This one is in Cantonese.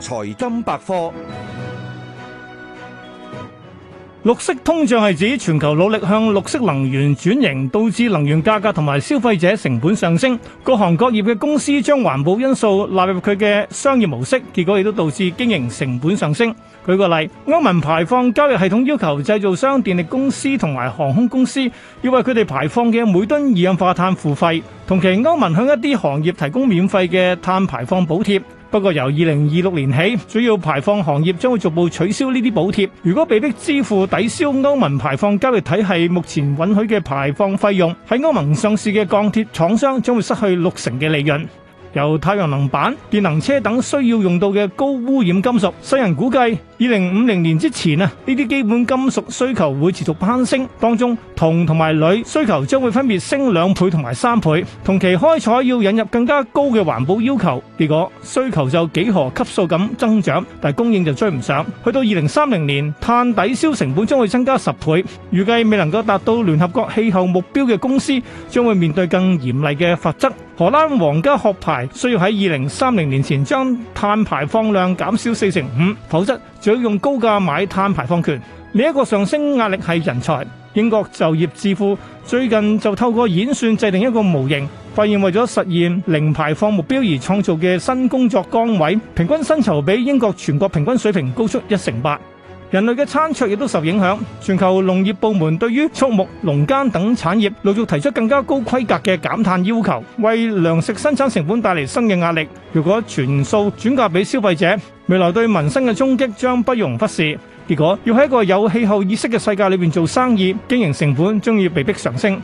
財金百科：綠色通脹係指全球努力向綠色能源轉型，導致能源價格同埋消費者成本上升。各行各業嘅公司將環保因素納入佢嘅商業模式，結果亦都導致經營成本上升。舉個例，歐盟排放交易系統要求製造商、電力公司同埋航空公司要為佢哋排放嘅每噸二氧化碳付費，同期歐盟向一啲行業提供免費嘅碳排放補貼。不過，由二零二六年起，主要排放行業將會逐步取消呢啲補貼。如果被迫支付抵消歐盟排放交易體系目前允許嘅排放費用，喺歐盟上市嘅鋼鐵廠商將會失去六成嘅利潤。由太陽能板、電能車等需要用到嘅高污染金屬，新人估計。二零五零年之前啊，呢啲基本金屬需求會持續攀升，當中銅同埋鋁需求將會分別升兩倍同埋三倍。同期開採要引入更加高嘅環保要求，結果需求就幾何級數咁增長，但供應就追唔上。去到二零三零年，碳抵消成本將會增加十倍。預計未能夠達到聯合國氣候目標嘅公司，將會面對更嚴厲嘅罰則。荷蘭皇家殼牌需要喺二零三零年前將碳排放量減少四成五，否則。要用高價買碳排放權，另一個上升壓力係人才。英國就業智庫最近就透過演算制定一個模型，發現為咗實現零排放目標而創造嘅新工作崗位，平均薪酬比英國全國平均水平高出一成八。人類嘅餐桌亦都受影響，全球農業部門對於畜牧、農耕等產業陸續提出更加高規格嘅減碳要求，為糧食生產成本帶嚟新嘅壓力。如果全數轉嫁俾消費者，未來對民生嘅衝擊將不容忽視。結果要喺一個有氣候意識嘅世界裏邊做生意，經營成本將要被迫上升。